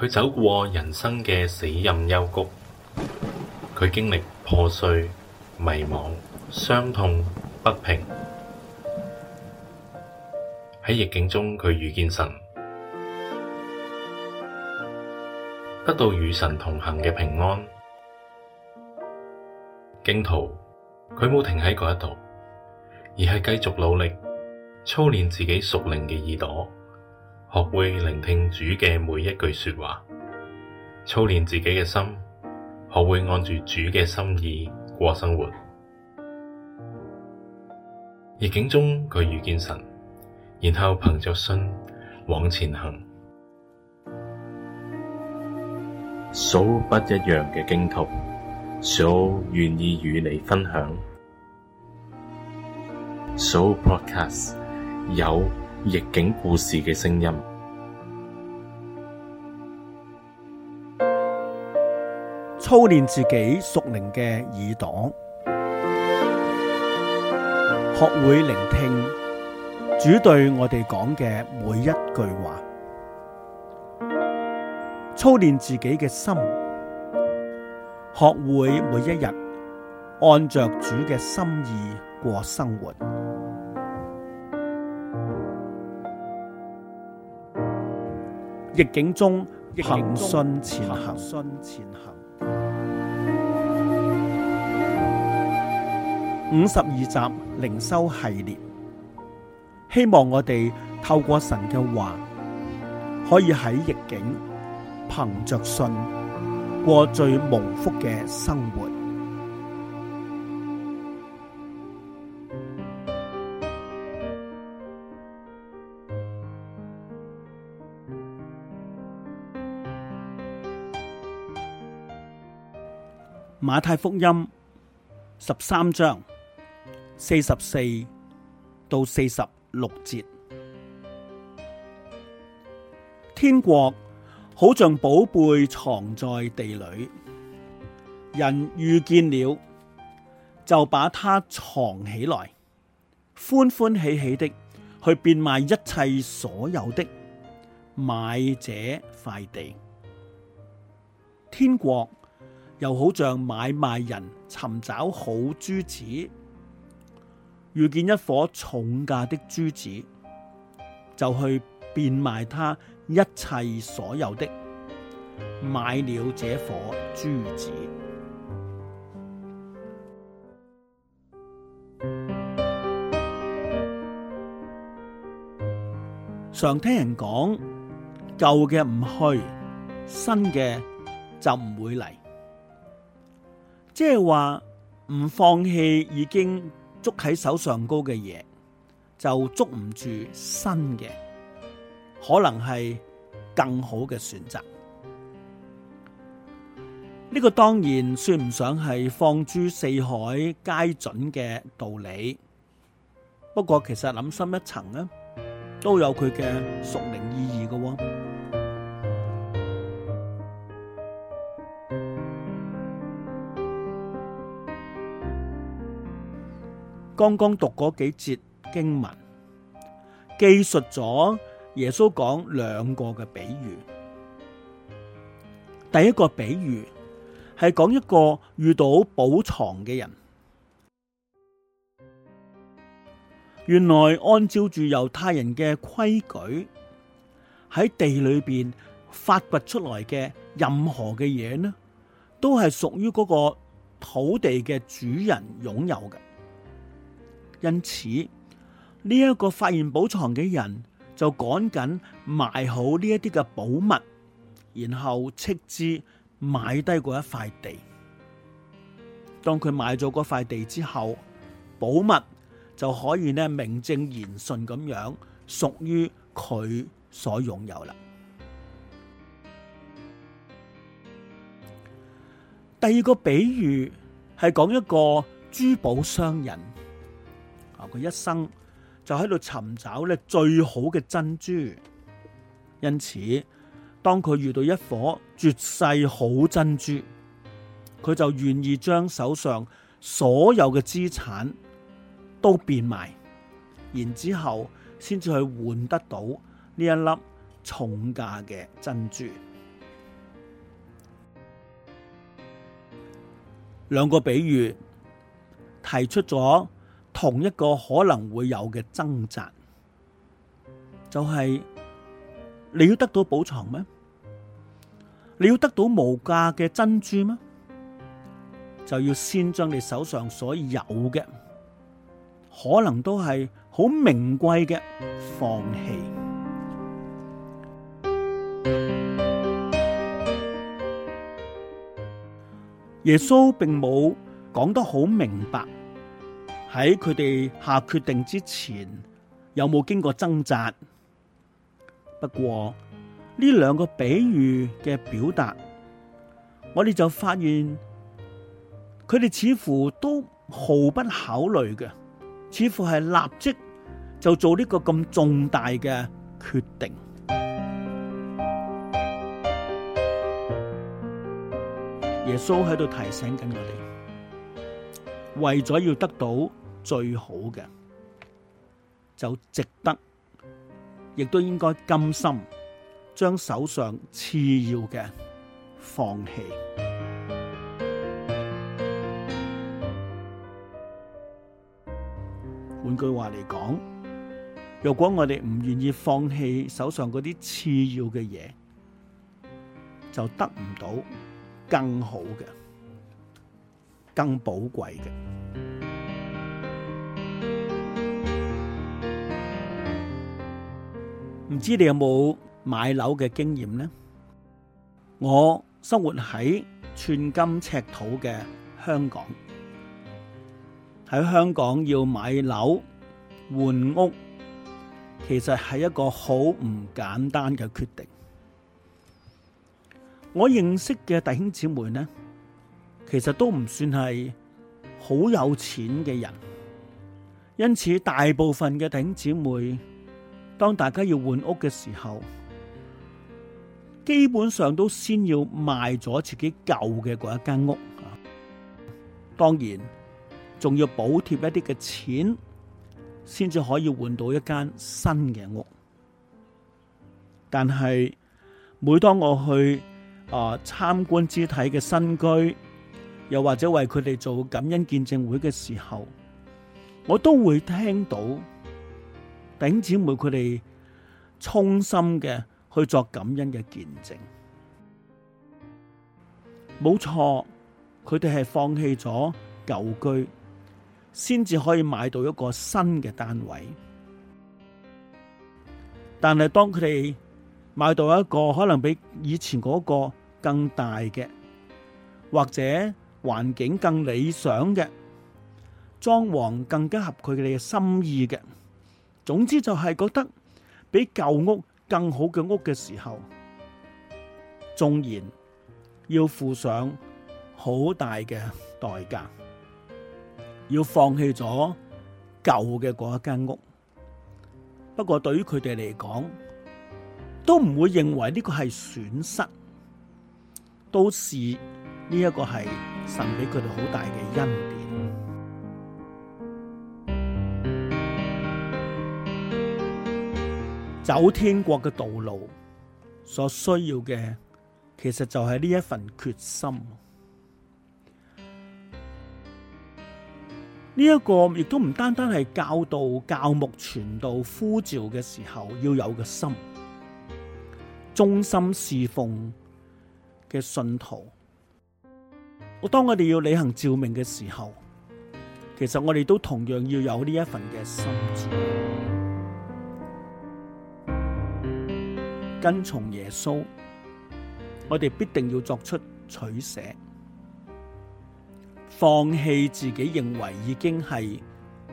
佢走過人生嘅死蔭幽谷，佢經歷破碎、迷茫、傷痛、不平。喺逆境中，佢遇見神，得到與神同行嘅平安。經途，佢冇停喺嗰一度，而係繼續努力操練自己熟靈嘅耳朵。學會聆聽主嘅每一句說話，操練自己嘅心，學會按住主嘅心意過生活。逆境中佢遇見神，然後憑着信往前行。數不一樣嘅荊途，數願意與你分享。數 podcast 有。逆境故事嘅聲音，操練自己屬靈嘅耳朵，學會聆聽主對我哋講嘅每一句話，操練自己嘅心，學會每一日按着主嘅心意過生活。逆境中，憑信前行。前行。五十二集靈修系列，希望我哋透過神嘅話，可以喺逆境，憑着信過最蒙福嘅生活。馬太福音十三章四十四到四十六節，天國好像寶貝藏在地裡，人遇見了就把它藏起來，歡歡喜喜的去變賣一切所有的，買這塊地。天國。又好像買賣人尋找好珠子，遇見一顆重價的珠子，就去變賣他一切所有的，買了這顆珠子。常聽人講，舊嘅唔去，新嘅就唔會嚟。即係話唔放棄已經捉喺手上高嘅嘢，就捉唔住新嘅，可能係更好嘅選擇。呢、這個當然算唔上係放諸四海皆準嘅道理，不過其實諗深一層咧，都有佢嘅屬靈意義嘅喎、哦。剛剛讀過幾節經文，記述咗耶穌講兩個嘅比喻。第一個比喻係講一個遇到寶藏嘅人。原來按照住猶太人嘅規矩，喺地裏邊發掘出來嘅任何嘅嘢呢，都係屬於嗰個土地嘅主人擁有嘅。因此呢一個發現寶藏嘅人就趕緊賣好呢一啲嘅寶物，然後斥資買低嗰一塊地。當佢買咗嗰塊地之後，寶物就可以咧名正言順咁樣屬於佢所擁有啦。第二個比喻係講一個珠寶商人。佢一生就喺度尋找咧最好嘅珍珠，因此當佢遇到一顆絕世好珍珠，佢就願意將手上所有嘅資產都變賣，然之後先至去換得到呢一粒重價嘅珍珠。兩個比喻提出咗。同一個可能會有嘅掙扎，就係你要得到寶藏咩？你要得到無價嘅珍珠咩？就要先將你手上所有嘅，可能都係好名貴嘅放棄。耶穌並冇講得好明白。喺佢哋下決定之前，有冇經過掙扎？不過呢兩個比喻嘅表達，我哋就發現佢哋似乎都毫不考慮嘅，似乎係立即就做呢個咁重大嘅決定。耶穌喺度提醒緊我哋，為咗要得到。最好嘅，就值得，亦都應該甘心將手上次要嘅放棄。換句話嚟講，若果我哋唔願意放棄手上嗰啲次要嘅嘢，就得唔到更好嘅、更寶貴嘅。唔知你有冇買樓嘅經驗呢？我生活喺寸金尺土嘅香港，喺香港要買樓換屋，其實係一個好唔簡單嘅決定。我認識嘅弟兄姊妹呢，其實都唔算係好有錢嘅人，因此大部分嘅弟兄姊妹。當大家要換屋嘅時候，基本上都先要賣咗自己舊嘅嗰一間屋，當然仲要補貼一啲嘅錢，先至可以換到一間新嘅屋。但係每當我去啊、呃、參觀肢體嘅新居，又或者為佢哋做感恩見證會嘅時候，我都會聽到。頂姊妹佢哋衷心嘅，去作感恩嘅見證，冇錯，佢哋係放棄咗舊居，先至可以買到一個新嘅單位。但係當佢哋買到一個可能比以前嗰個更大嘅，或者環境更理想嘅，裝潢更加合佢哋嘅心意嘅。總之就係覺得比舊屋更好嘅屋嘅時候，縱然要付上好大嘅代價，要放棄咗舊嘅嗰一間屋，不過對於佢哋嚟講，都唔會認為呢個係損失，都視呢一個係神俾佢哋好大嘅恩典。走天國嘅道路，所需要嘅其實就係呢一份決心。呢、這、一個亦都唔單單係教導、教牧、傳道、呼召嘅時候要有嘅心，忠心侍奉嘅信徒。當我哋要履行召命嘅時候，其實我哋都同樣要有呢一份嘅心志。跟從耶穌，我哋必定要作出取捨，放棄自己認為已經係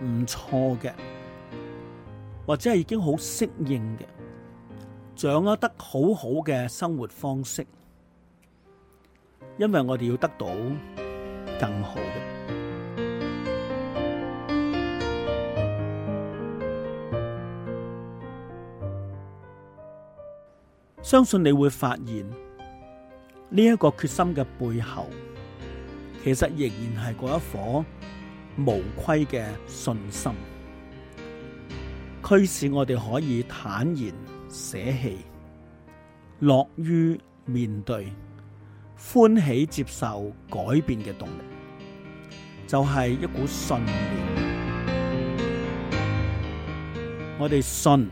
唔錯嘅，或者係已經好適應嘅、掌握得好好嘅生活方式，因為我哋要得到更好嘅。相信你會發現，呢、這、一個決心嘅背後，其實仍然係嗰一顆無虧嘅信心，驅使我哋可以坦然捨棄，樂於面對，歡喜接受改變嘅動力，就係、是、一股信念。我哋信。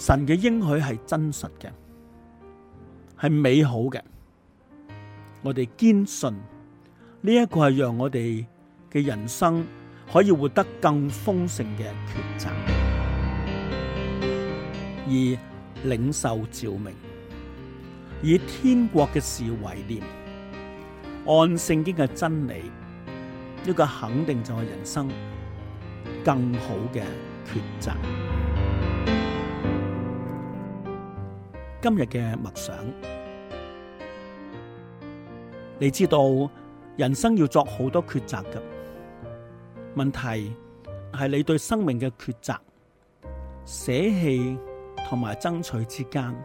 神嘅應許係真實嘅，係美好嘅。我哋堅信呢一個係讓我哋嘅人生可以活得更豐盛嘅抉擇，而領受召命，以天國嘅事為念，按聖經嘅真理，呢個肯定就係人生更好嘅抉擇。今日嘅默想，你知道人生要作好多抉擇嘅問題，係你對生命嘅抉擇，捨棄同埋爭取之間，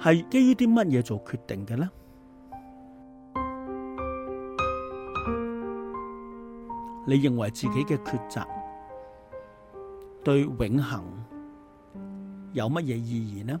係基於啲乜嘢做決定嘅咧？你認為自己嘅抉擇對永恆有乜嘢意義呢？